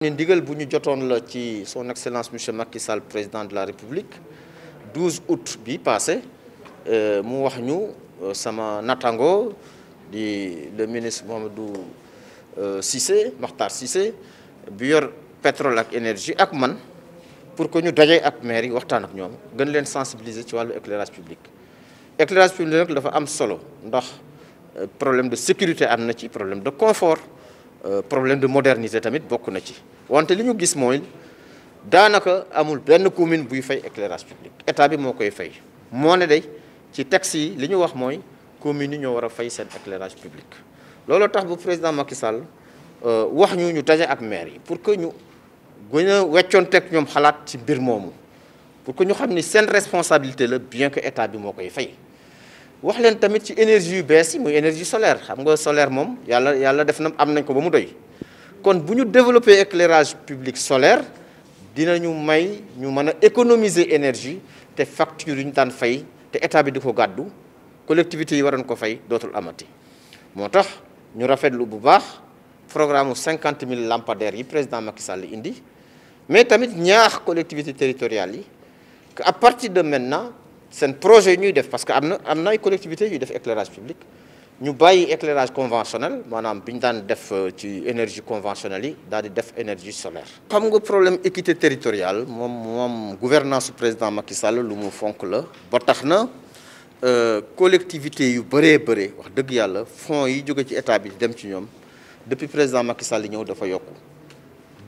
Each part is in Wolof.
Nous avons bu que son excellence monsieur Macky Sall président de la république 12 août passé nous euh, avons ñu euh, sama di le ministre Mohamedou Sissé, euh, Makhtar Cissé bi pétrole et énergie ak man pour que nous dajee ak maire waxtaan ak sensibiliser ci l'éclairage public L'éclairage public est un problème de sécurité un problème de confort euh, problème de moderniser tamit bokk na ci wante liñu ñu gis mooy daanaka amul ben commune buy fay éclairage public état bi moo koy fay moo ne day ci taxi liñu wax moy commune ñoo wara fay seen éclairage public lolo tax bu président Macky Sall euh, wax ñu ñu daje ak maire yi pour que ñu gën a weccoon teg xalaat ci bir momu pour que ñu xamni sen responsabilité la bien que état bi moo koy fay wax leen tamit ci énergie yu bees yi muy énergie solaire xam nga solaire moom yàlla yàlla def na am nañ ko ba mu doy kon bu ñu développer éclairage public solaire dinañu may ñu mën a économiser énergie te facture yu ñu daan fay te état bi di ko gàddu collectivité yi waroon ko fay dootul amati moo tax ñu rafetlu bu baax programme mu cinquante mille lampadaires yi président Macky Sall indi mais tamit ñaax collectivité territoriale yi que à partir de maintenant. C'est un projet def parce que y avons une collectivité qui collectivités yu def éclairage public ñu bayyi éclairage conventionnel Nous avons une def euh, énergie conventionnelle yi l'énergie def énergie solaire. xam nga problème équité territoriale la gouvernance gouvernance président Macky Sall lu mu fonk la ba taxna euh, collectivité yu béré béré wax deug fonds yi ci état bi dem ci depuis président Macky Sall 2012, dafa yokku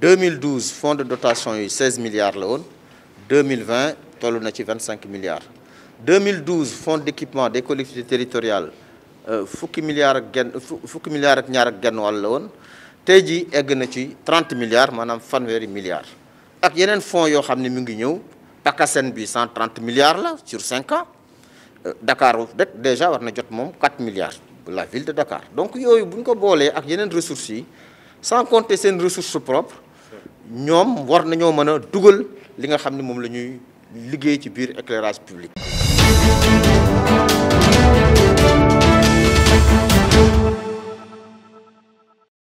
2012 fonds de dotation yu 16 milliards En 2020 il na ci 25 milliards. 2012 fonds d'équipement des collectivités territoriales euh, fukki milliards ak genn milliards ak ñaar ak genn 30 milliards Il y milliards ak fonds qui est qui mi ngi ñëw PACASEN 130 milliards là sur 5 ans euh, Dakar déjà war na jot 4 milliards pour la ville de Dakar donc il y a ko boolee ak a ressources sans compter ses ressources propres, nous war nañoo mën a dugal li nga xam ne moom éclairage public Thank you.